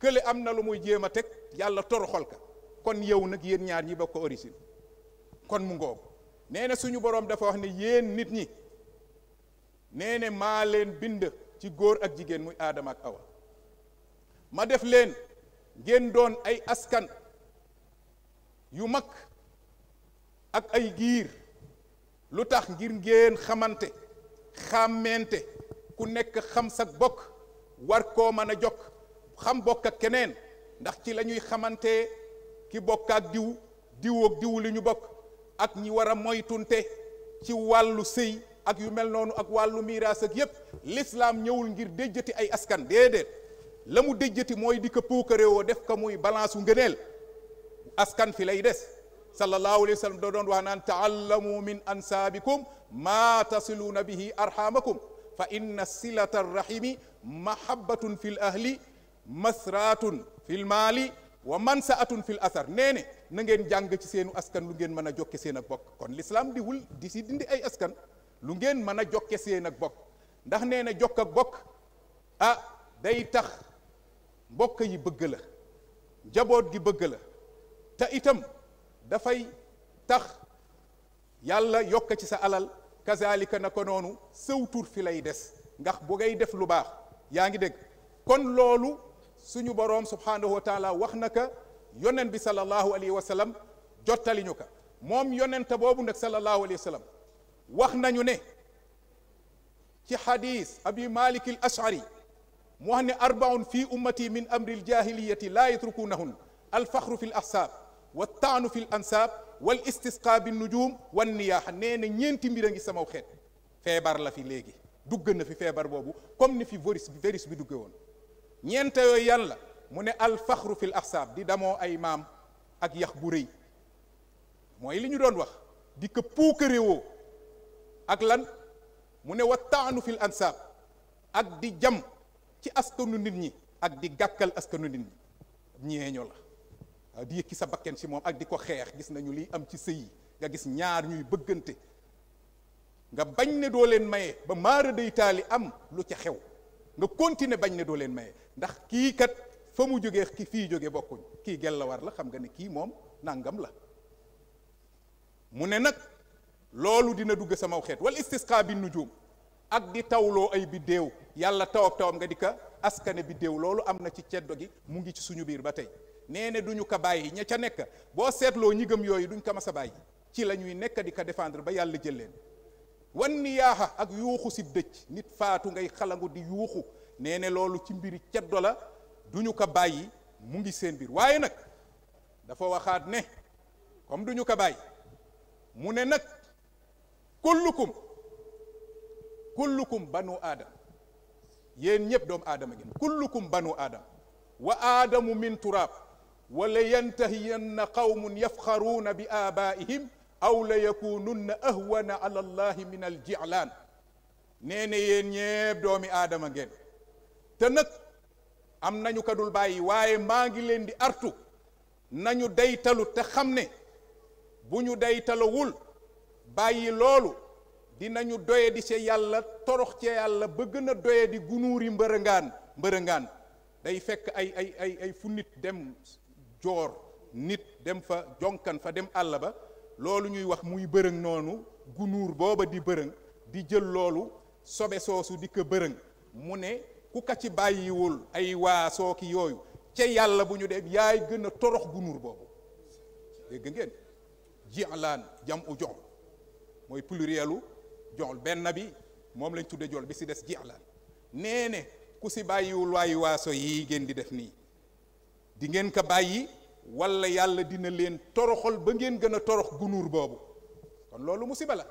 kële am na lu muy jéem a teg yàlla toroxol ka kon yow nag yéen ñaar ñi bokk ko origine kon mu ngoogu nee na suñu boroom dafa wax ne yéen nit ñi nee ne maa leen bind ci góor ak jigéen muy aadama ak awa ma def leen ngeen doon ay askan yu mag ak ay giir lu tax ngir ngeen xamante xàmmente ku nekk xam sa bokk war koo mën a jokk xam bokk keneen ndax ci la ñuy xamante ki bokk ak diw diw ak diw li ñu bokk ak ñi war a moytunte ci wàllu sëy ak yu mel noonu ak wàllu miiraas ak yépp lislaam ñëwul ngir déjjati ay askan déedéet lamu mu mooy di ko def ko muy balance u askan fi lay des sallallahu alayhi wa sallam da doon wax naan taallamu min ansaabikum maa tasiluuna bihi arhamakum fa inna silata arrahimi mahabbatun fi l ahli fi l wa mansaatun fi l asar nee ne na ngeen jàng ci seenu askan lu ngeen mën a jokke seen ak bokk kon l'islam di wul di si dindi ay askan lu ngeen mën a jokke seen ak bokk ndax nee na jokk ak bokk ah day tax mbokk yi bëgg la njaboot gi bëgg la te itam dafay tax yàlla yokk ci sa alal kazalika na ko noonu sëw tur fi lay des ndax bu ngay def lu baax yaa ngi dégg kon loolu suñu boroom subhaanahu wa wax na ka yonent bi sallallahu alayhi wa sallam jottali ko moom yonent boobu nag sallallahu alayhi wa wax nañu ne ci xadiis abi malik mu wax ne arbaun fi ummati min amri aljahiliyati laa yatrukunahun alfaxru fi l ahsaab wa taanu fi l ansaab wal istisqa bi nujum wan niyaaxa nee na ñeenti mbir a ngi sama xeet feebar la fi léegi dugg na fi feebar boobu comme ni fi virus virus bi dugge woon ñeente yooyu yan la mu ne alfaxru fi l ahsaab di damoo ay maam ak yax bu rëy mooy li ñu doon wax di ko puukarewoo ak lan mu ne wa taanu fi l ak di jam ci askanu nit ñi ak di gàkkal askanu nit ñi ñeeño la waaw di yëkki sa bakken ci moom ak di ko xeex gis nañu liy am ci sëy nga gis ñaar ñuy bëggante nga bañ ne doo leen maye ba maara day taali am lu ca xew nga continuer bañ ne doo leen maye ndax kii kat fa mu jógee ki fii jóge bokkuñ kii gella war la xam nga ne kii moom nangam la mu ne nag loolu dina dugg sama xeet wal istisqa bi nujum ak di tawloo ay biddéew yàlla tawab tawam nga di ka askane biddéew loolu am na ci ceddo gi mu ngi ci suñu biir ba tey nee ne duñu ko bàyyi ña ca nekk boo seetloo ñi gëm yooyu duñ ko mas a bàyyi ci la ñuy nekk di ko défendre ba yàlla jël leen wan ni yaaxa ak yuuxu si dëj nit faatu ngay xalangu di yuuxu nee ne loolu ci mbiri ceddo la duñu ko bàyyi mu ngi seen biir waaye nag dafa waxaat ne comme duñu ko bàyyi mu ne nag kullukum kullukum banu aadam yéen ñëpp doom aadama ngeen kullukum banu aadam wa aadamu min turaab wa la yantahiyanna qawmun yafxaruuna bi aabaa'ihim aw la yakununna ahwana ala allahi min al jilaan nee na doomi aadama ngeen te am nañu ko dul bàyyi waaye maa ngi leen di artu nañu daytalu te xam ne bu ñu daytalawul bàyyi loolu dinañu doye di ca yàlla torox ca yàlla ba gën a doye di yi mbërëngaan mbërëngaan day fekk ay ay ay fu nit dem joor nit dem fa jonkan fa dem àll ba loolu ñuy wax muy bërëng noonu gunuur booba di bërëng di jël loolu sobe soosu di ko bërëng mu ne ku ka ci bàyyiwul ay waasoo ki yooyu ca yàlla bu ñu dem yaay gën a torox gunuur boobu dégg ngeen jilaan jam u jox mooy plurielu jool benn bi moom lañ tudd jool bi si des jeex la nee ne ku si bàyyiwul waayu waaso yii ngeen di def nii di ngeen ko bàyyi wala yàlla dina leen toroxal ba ngeen gën a torox gunuur boobu kon loolu musiba la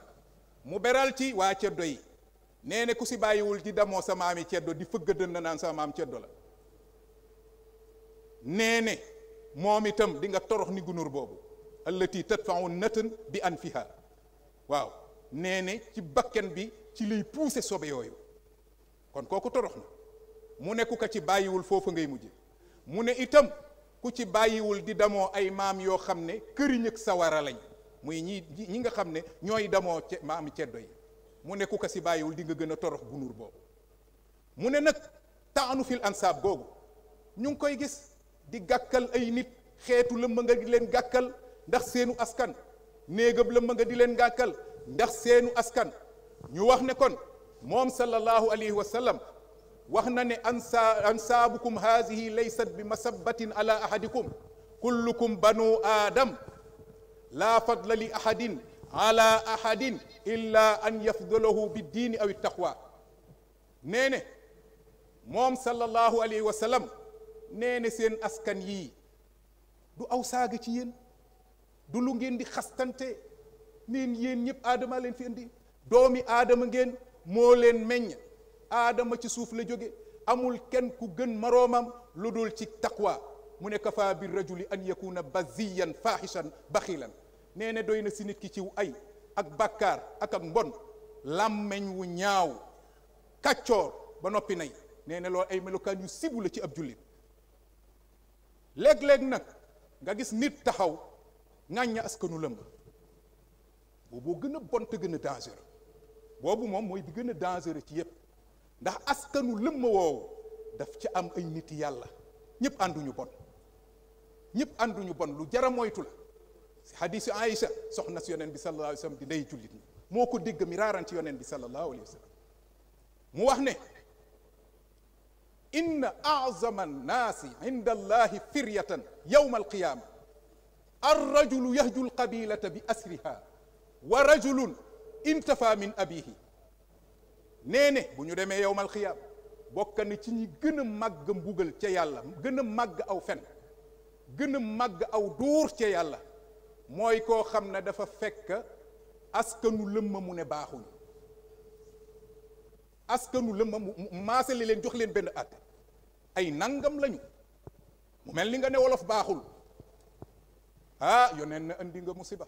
mu beral ci waa ceddo yi nee ne ku si bàyyiwul di damoo sa maami ceddo di fëgg dën na naan sa maam ceddo la nee moom itam di torox ni gunóor boobu allati tadfau natan bi anfiha waaw nee ne ci bakkan bi ci lay pousser sobe yooyu kon kooku torox na mu ne ku ko ci bàyyiwul foofu ngay mujje mu ne itam ku ci bàyyiwul di damoo ay maam yoo xam ne këriñ ak sawara lañ muy ñi ñi nga xam ne ñooy damoo maam ceddo yi mu ne ku ko ci bàyyiwul di nga gën a torox gunóor boobu mu ne nag taanu fil ansaab googu ñu ngi koy gis di gàkkal ay nit xeetu lëmb nga di leen gàkkal ndax seenu askan néegab lëmb nga di leen gàkkal ndax seenu askan ñu wax ne kon moom sallallahu alayhi wa wax na ne ansa ansaabukum haadihi laysat bi masabatin ala ahadikum kullukum banu aadam laa fadla li ahadin ala ahadin illa an yafdalahu bi diini aw taqwa nee ne moom sallallahu alayhi wa seen askan yi du aw saaga ci yéen du lu ngeen di xastante neen yéen ñëpp aadama leen fi indi doomi aadama ngeen moo leen meññ aadama ci suuf la jóge amul kenn ku gën moroomam lu dul ci taqwa mu ne kafa bi rajuli an yakuna baziyan faaxishan baxilan nee ne doy na si nit ki ciw ay ak bàkkaar ak ak mbon làmmeñ wu ñaaw kàccoor ba noppi nay nee ne loolu ay melokaan yu sibu la ci ab jullit léeg-léeg nag nga gis nit taxaw ŋàñña askanu lëmb boobu gën a bon te boobu moom mooy bi gën a dangereux ci yépp ndax askanu lëmm woowu daf ci am ay nit yàlla ñëpp ànduñu bon ñëpp ànduñu bon lu jara moytu la si hadisu Aïcha soxna si yoneen bi sallallahu alayhi wa sallam di ndey jullit ñi moo ko dégg mi raaraan ci yoneen bi sallallahu alayhi wa sallam mu wax ne inna azama annaasi inda allahi firyatan yawma alqiyama arrajulu yahju alqabilata bi asriha wa rajulun intafa min abihi nee ne bu ñu demee yowmal xiyaam bokk na ci ñi gën a màgg mbugal ca yàlla gën a màgg aw fen gën a màgg aw duur ca yàlla mooy koo xam ne dafa fekk askanu lëmma mu ne baaxuñ askanu lëmma mu maasale leen jox leen benn at ay nangam lañu mu mel ni nga ne wolof baaxul ah yoneen na indi nga musiba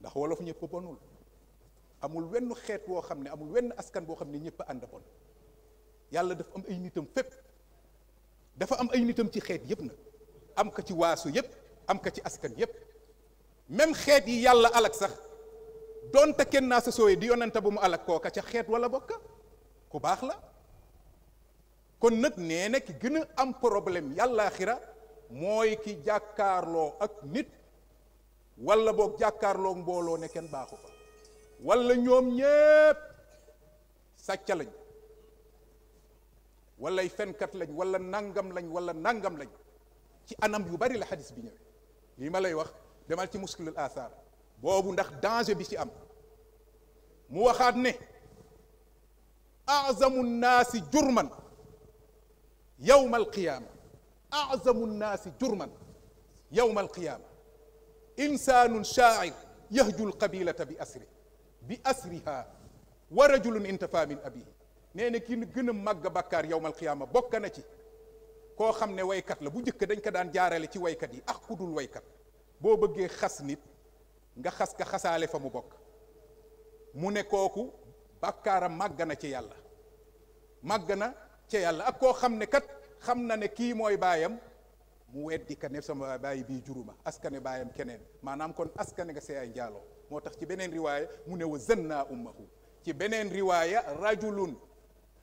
ndax wolof ñëpp bonul amul wenn xeet woo xam ne amul wenn askan boo xam ne ñëpp ànd bon yàlla dafa am ay nitam fépp dafa am ay nitam ci xeet yëpp na am ka ci waasu yëpp am ka ci askan yëpp même xeet yi yàlla alak sax donte kenn naa sa sooyee di yonante bu mu alak kooka ca xeet wala bokka ku baax la kon nag nee na ki gën a am problème yàllaaxira mooy ki jàkkaarloo ak nit wala boog jàkkaarloog mbooloo ne kenn baaxu fa wala ñoom ñépp sàcc lañ walay fenkat lañ wala nangam lañ wala nangam lañ ci anam yu bari la xadis bi ñëwee lii ma lay wax demal ci muskilul athar boobu ndax danger bi ci am mu waxaat ne azamu nnaasi jurman yowma alqiyaama azamu nnaasi jurman yowma alqiyaama insaanun shaa'ir yahjul qabilata bi asri bi asriha wa rajulun intafa min abihi nee na ki gën a màgg bàkkaar yowmal qiyaama bokka na ci koo xam ne waykat la bu njëkk dañ ko daan jaarale ci waykat yi ak ah ku dul waykat boo bëggee xas nit nga xas ka xasaale fa mu bokk mu ne kooku bàkkaaram màgg na ci yàlla màgg na ci yàlla ak koo xam ne kat xam na ne kii mooy baayam mu weddi ka ne sama bàyyi bii juruma askane baayam keneen maanaam kon askane nga see ay njaaloo moo tax ci beneen riwaaya mu ne wa zanna ummahu ci beneen riwaaya rajulun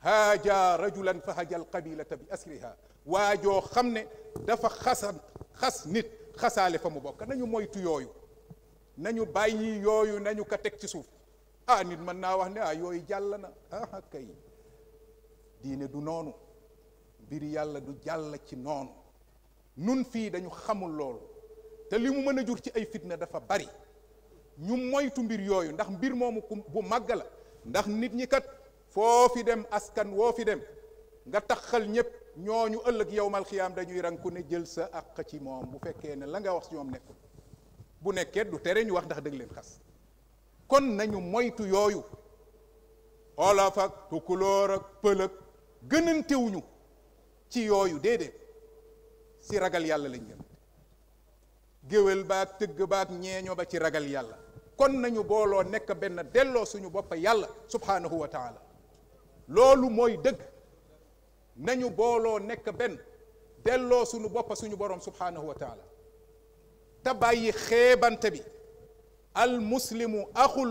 haaja rajulan fa hajal qabilata bi asriha waajoo xam ne dafa xasan xas nit xasaale fa mu bokk nañu moytu yooyu nañu bàyyi yooyu nañu ko teg ci suuf ah nit mën naa wax ne ah yooyu jàll na ah kay diine du noonu mbiri yàlla du jàll ci noonu nun fii dañu xamul loolu te li mu mën a jur ci ay fitna dafa bari ñu moytu mbir yooyu ndax mbir moomu bu màgg la ndax nit ñi kat foo fi dem askan woo fi dem nga tax taxal ñëpp ñooñu ëllëg yowmal xiyaam dañuy ranku ne jël sa àq ci moom bu fekkee ne la nga wax ci ñoom nekkul bu nekkee du tere ñu wax ndax dëgg leen xas kon nañu moytu yooyu olof ak pëlëg ak pël gënantewuñu ci yooyu déedéet si ragal yàlla lañ jëm géwél baag tëgg baag ñeeño ba ci ragal yàlla kon nañu booloo nekk benn delloo suñu bopp yàlla subhanahu wa loolu mooy dëgg nañu booloo nekk benn delloo suñu bopp suñu borom subhanahu wa taala te bàyyi xeebante bi al muslimu axul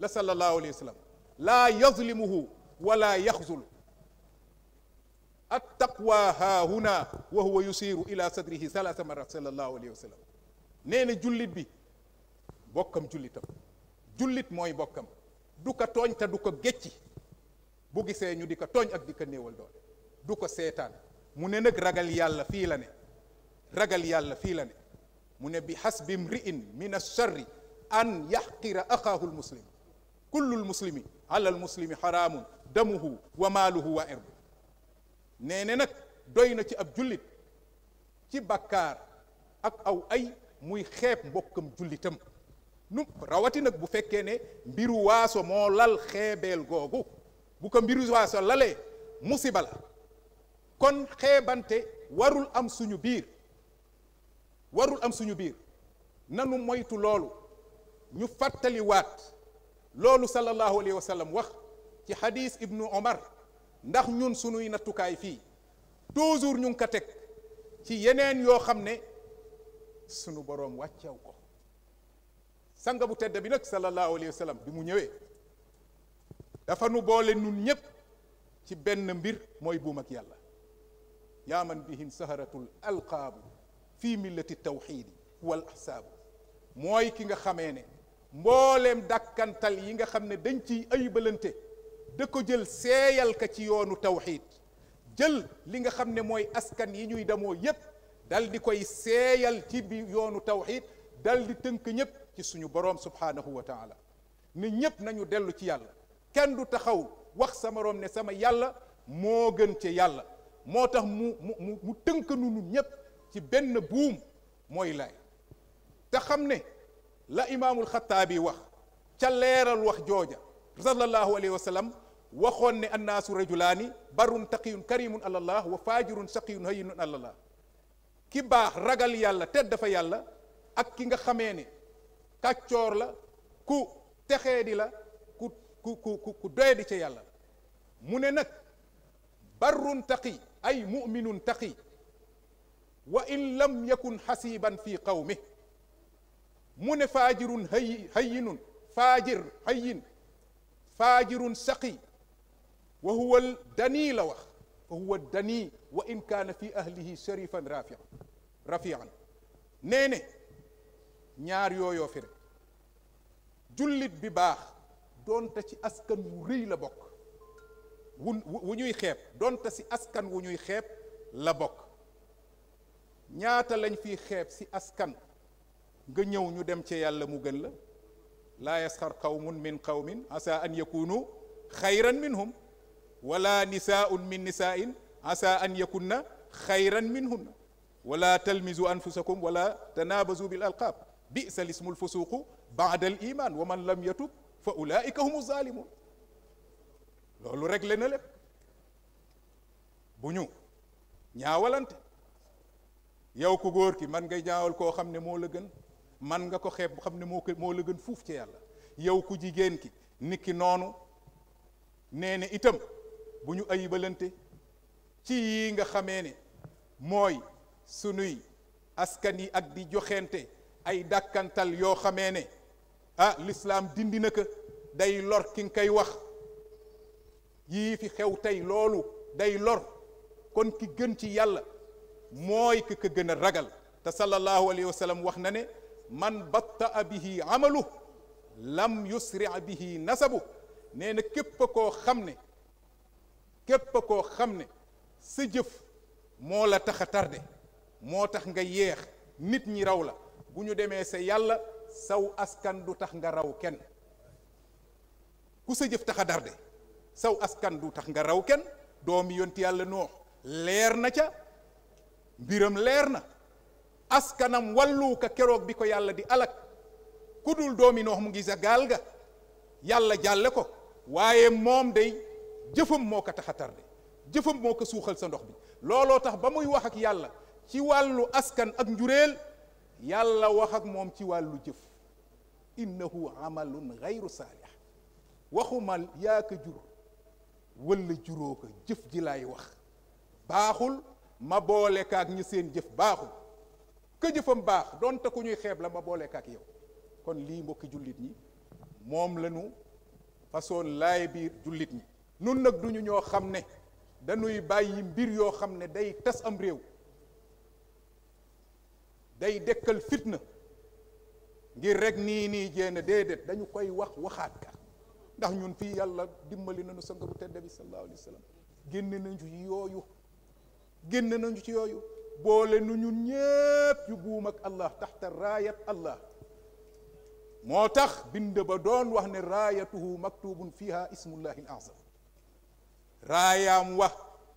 la sallallahu alayhi wa sallam laa yazlimuhu wala yaxzulu attaqwa haahuna wa huwa yusiru ila sadrihi salasa marat alayhi wa sallam nee jullit bi bokkam jullitam jullit mooy bokkam du ko tooñ te du ko gécci bu gisee ñu di ko tooñ ak di ko néewal doole du ko seetaan mu ne nag ragal yàlla fii la ne ragal yàlla fii la mu ne bi xasbi mri'in min alcharri an yaxqira axaahu lmuslim kullu lmuslimi ala almuslimi xaraamun damuhu wa maaluhu wa irdu nee ne nag doy na ci ab jullit ci bakkaar ak aw ay muy xeeb mbokkam jullitam nu rawati nag bu fekkee ne mbiru waaso moo lal xeebeel googu bu ko mbiru waaso lalee musiba la kon xeebante warul am suñu biir am suñu biir nanu moytu loolu ñu fàttaliwaat loolu sallallahu alayhi wa sallam wax ci xadiis ibnu omar ndax ñun sunuy nattukaay fii toujours ñu ngi ko teg ci yeneen yoo xam ne sunu boroom wàccew ko sanga bu tedd bi nag sallallahu alayhi wa bi mu ñëwee dafa nu boole nun ñépp ci benn mbir mooy buum ak yàlla yaa man bihim saharatul alqaabu fii millati tawxiidi wal ahsaabu mooy ki nga xamee ne mbooleem dàkkantal yi nga xam ne dañ ciy ayibalante da ko jël seeyal ka ci yoonu tawxiid jël li nga xam ne mooy askan yi ñuy demoo yépp dal di koy seeyal ci bi yoonu tawxiid dal di tënk ñépp ci suñu boroom subhaanahu wa taala ni ñépp nañu dellu ci yàlla kenn du taxaw wax sa moroom ne sama yàlla moo gën ci yàlla moo tax mu mu mu tënk nu nun ñépp ci benn buum mooy lay te xam ne la imaamul xataabi wax ca leeral wax jooja sallallahu alayhi wa waxoon ne annaasu rajulaani barun taqiyun karimun alallah wa faajirun saqiyun hayinun alallah ki baax ragal yàlla tedd dafa yàlla ak ki nga xamee ne kàccoor la ku texee di la ku ku ku ku di ca yàlla mu ne nag barun taqi ay muminun taqi wa in lam yakun xasiban fi qawmi mu ne faajirun hay hayinun faajir hayin faajirun saqi wa huwa al la wax wa huwa dani wa in kaana fi ahlihi sharifan rafian rafian nee ne ñaar yooyoo fi jullit bi baax doonte ci askan wu rëy la bokk wu wu ñuy xeeb doonte ci askan wu ñuy xeeb la bokk ñaata lañ fiy xeeb ci askan nga ñëw ñu dem ci yàlla mu gën la laa yasxar qawmun min qawmin asa an yakunu xayran minhum wala nisaun min nisain asa an yakunna xayran minhunna wala talmizu anfusakum wala tanabazu bil alqab bisa lismu lfusuqu baada al iman wa man lam yatub fa ulaika humu zalimun loolu réglé na lépp bu ñu ñaawalante yow ku góor ki man ngay ñaawal koo xam ne moo la gën man nga ko xeeb xam ne moo ko moo la gën fuuf ci yàlla yow ku jigéen ki nit ki noonu nee itam bu ñu ay ayibalante ci yii nga xamee ne mooy sunuy askan yi ak di joxente ay dàkkantal yoo xamee ne ah lislaam dindi na ko day lor ki nga koy wax yii fi xew tey loolu day lor kon ki gën ci yàlla mooy ki ko gën ragal te sallallahu alayhi wa wax na ne man batta bihi amalu lam yusri bihi nasabu nee na képp koo xam ne képp ko xam ne sa jëf moo la tax a tardé moo tax nga yéex nit ñi raw la bu ñu demee sa yàlla saw askan du tax nga raw kenn ku sa jëf tax a tardé saw askan du tax nga raw kenn doomi yonti yàlla noox leer na ca mbiram leer na askanam wallu ka keroog bi ko yàlla di alak ku dul doomi noox mu ngi sa gaal ga yàlla jàlle ko waaye moom day jëfam moo ko tax a tardé jëfam moo ko suuxal sa ndox bi looloo tax ba muy wax ak yàlla ci wàllu askan ak njureel yàlla wax ak moom ci wàllu jëf innahu amalun gayru saalih waxumal yaa ko jur wala juróo jëf ji laay wax baaxul ma boole kaak ñi seen jëf baaxul ka jëfam baax donte ku ñuy xeeb la ma boole kaak yow kon lii mbokki jullit ñi moom lañu façon laay biir jullit ñi nun nag duñu ñoo xam ne dañuy bàyyi mbir yoo xam ne day tas am réew day dekkal fitna ngir rekk nii nii jéena déedéet dañu koy wax waxaat ka ndax ñun fii yàlla dimbali nañu sang bu tedd bi sallallahu alayhi génn nañu ci yooyu génn nañu ci yooyu boole nu ñun ñépp yu buum ak allah taxta raayat allah moo tax bind ba doon wax ne raayatuhu maktubun fiha ismullahi al raayaam wax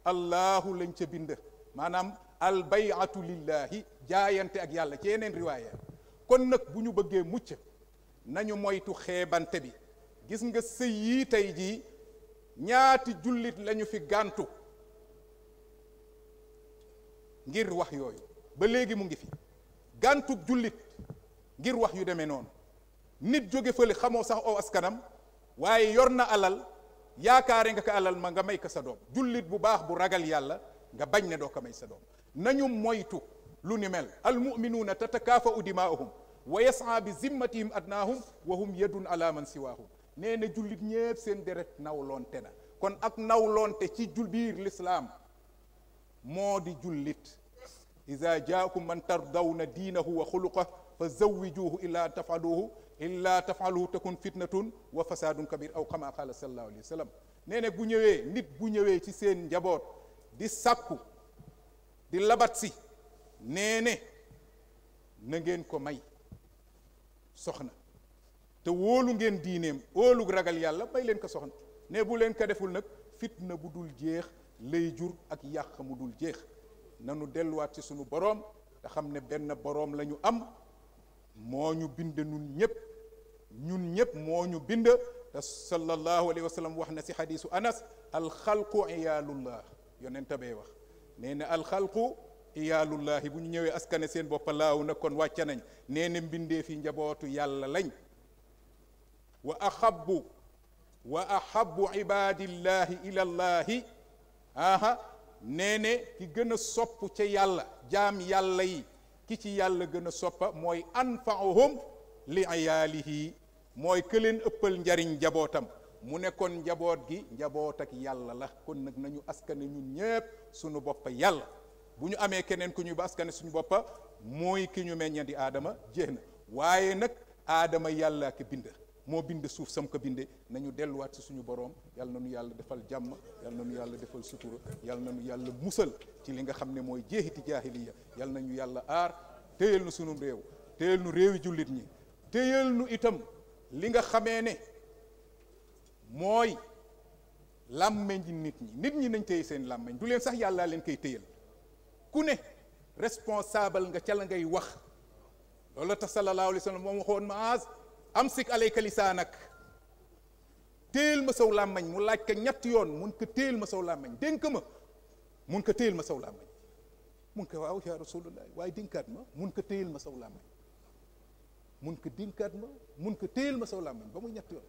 allahu lañ ca bind maanaam albayatu lillahi jaayante ak yàlla ci yeneen riwaaya kon nag bu ñu bëggee mucc nañu moytu xeebante bi gis nga sëy yii tey jii ñaati jullit lañu fi gàntu ngir wax yooyu ba léegi mu ngi fi gàntub jullit ngir wax yu demee noonu nit jóge fële xamoo sax aw askanam waaye yor na alal yaakaare nga ko alal ma nga may ko sa doom jullit bu baax bu ragal yàlla nga bañ ne doo ko may sa doom nañu moytu lu ni mel almuminuuna tatakaafau dimaahum wa yasaa bi zimmatihim adnaahum wa hum yadun ala man siwaahum nee na jullit ñépp seen deret nawloonte na kon ak nawloonte ci jul lislaam moo di jullit ida jaakum man tardawna diinahu wa xuluqa fa zawijuhu illa an tafaluhu illaa tafaaluhu takun fitnatun wa fasaadun kabir aw kama qaala sallallahu alayhi wa nee na bu ñëwee nit bu ñëwee ci seen njaboot di sàkku di labat si nee na ngeen ko may soxna te wóolu ngeen diineem óolu ragal yàlla may leen ko soxna ne bu leen ko deful nag fitna bu dul jeex lay jur ak yàq mu dul jeex nanu delluwaat ci sunu boroom te xam ne benn boroom la ñu am moo ñu bind ñépp ñun ñëpp moo ñu bind te sallallahu alayhi wa wax na si xadisu anas alxalqu iyaalullah yonent bee wax nee na alxalqu iyaalullahi bu ñu ñëwee askane seen boppa laaw na kon wàcce nañ nee na mbindee fi njabootu yàlla lañ wa axabu wa ahabu ibadillahi ila llahi ki gën a sopp ca yàlla jaam yàlla yi ki ci yàlla gën a soppa mooy anfaahum li ayaalihi mooy que leen ëppal njariñ njabootam mu nekkoon njaboot gi njaboot ak yàlla la kon nag nañu askane ñun ñépp suñu boppa yàlla bu ñu amee keneen ku ñu ba askane suñu boppa mooy ki ñu meñña di aadama jeex na waaye nag aadama yàlla ki bind moo bind suuf sam ko binde nañu delluwaat ci suñu boroom yàlla na nu yàlla defal jàmm yàlla na nu yàlla defal sutura yàlla na nu yàlla musal ci li nga xam ne mooy jeexiti jaahiliya yàlla na ñu yàlla aar téyel nu réew téyel li nga xamee ne mooy làmmeñ ji nit ñi nit ñi nañ téye seen làmmeñ du leen sax yàlla leen koy tëyel ku ne responsable nga ca la ngay wax loolu tax sallallahu alayhi wa moom waxoon maas am sik alayka lisaanak téyel ma saw làmmeñ mu laaj ka ñett yoon mun ko téyel ma saw làmmañ dénk ma mun ko téyel ma saw làmmañ mun ko waaw yaa rasulullah waaye dénkaat ma mun ko téyel ma saw làmmañ mun ko dénkaat ma mun ko téyel ma saw làmmiñ ba muy ñett yoon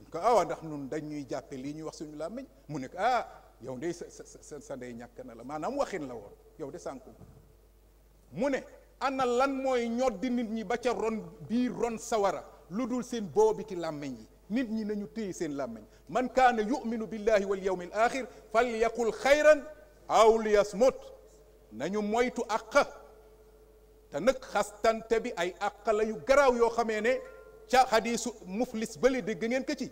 mun ko awa ah, ndax nun dañ ñuy jàppe lii ñuy wax suñu làmmiñ mu ne ko ah yow de sa sa sa ndey ñàkk na la maanaam waxin la woon yow de sànku mu ne ana lan mooy ñoddi nit ñi ba ca ron biir ron sawara lu dul seen boobiti làmmiñ yi nit ñi nañu téye seen làmmiñ man kaana yuminu billahi wal yawmil axir fal yaqul xayran aw liyasmut nañu moytu àq te nag xastante bi ay àqala yu garaaw yoo xamee ne ca xadiisu muflis bële dégg ngeen ko ci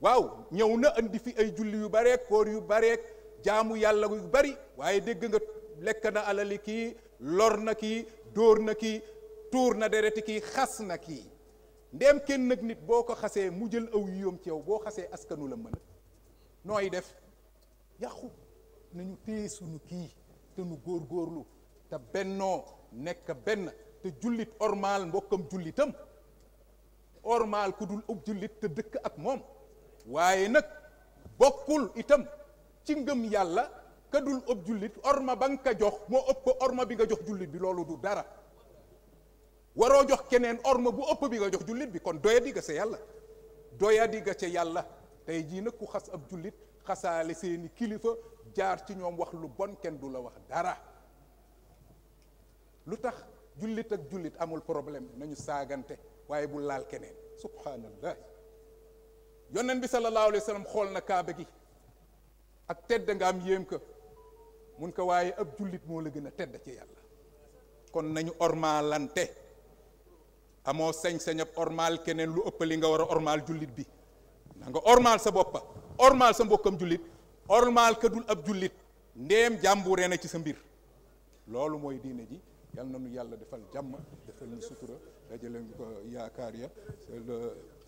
waaw ñëw na andi fi ay julli yu bareek koor yu bareek jaamu yàlla yu bari waaye dégg nga lekk na alali kii lor na kii dóor na kii tuur na dereti kii xas na kii ndéem kenn nag nit boo ko xasee mu jël aw yoom ci yow boo xasee askanu la mën nooy def yàqu nañu téye sunu kii te nu góorgóorlu te bennoo nekk benn te jullit ormaal mbokkam jullitam ormaal ku dul ub jullit te dëkk ak moom waaye nag bokkul itam ci ngëm yàlla ka dul ëpp jullit orma ba nga ko jox moo ëpp orma bi nga jox jullit bi loolu du dara waroo jox keneen orma bu ëpp bi nga jox jullit bi kon doya di ga ca yàlla doya di ga ca yàlla tey jii nag ku xas ab jullit xasaale seeni kilifa jaar ci ñoom wax lu bon kenn du la wax dara lu tax jullit ak jullit amul problème nañu saagante waaye bu laal keneen subhaanallah yonent bi sallallahu alayhi wa xool na kaaba gi ak tedd nga am yéem ko mun ko waaye ab jullit moo la gën a tedd ci yàlla kon nañu ormaalante amoo sañ-sañ ab ormaal keneen lu ëpp li nga war a ormaal jullit bi na nga ormaal sa boppa ormaal sa mbokkam jullit ormaal ka dul ab jullit ndéem jàmbuuree na ci sa mbir loolu mooy diine ji yal na nu yàlla defal jàmm defal ñu sutura dajale ñu ko yaakaar ya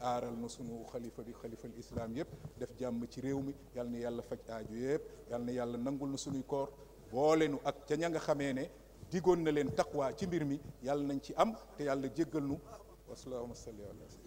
aaral na sunu xalifa bi xalifal islam yëpp def jàmm ci réew mi yal na yàlla faj aaju yëpp yal na yàlla nangul na sunuy koor boole nu ak ca ña nga xamee ne digoon na leen taqwa ci mbir mi yàlla nañ ci am te yàlla jéggal nu wasalaama salli ala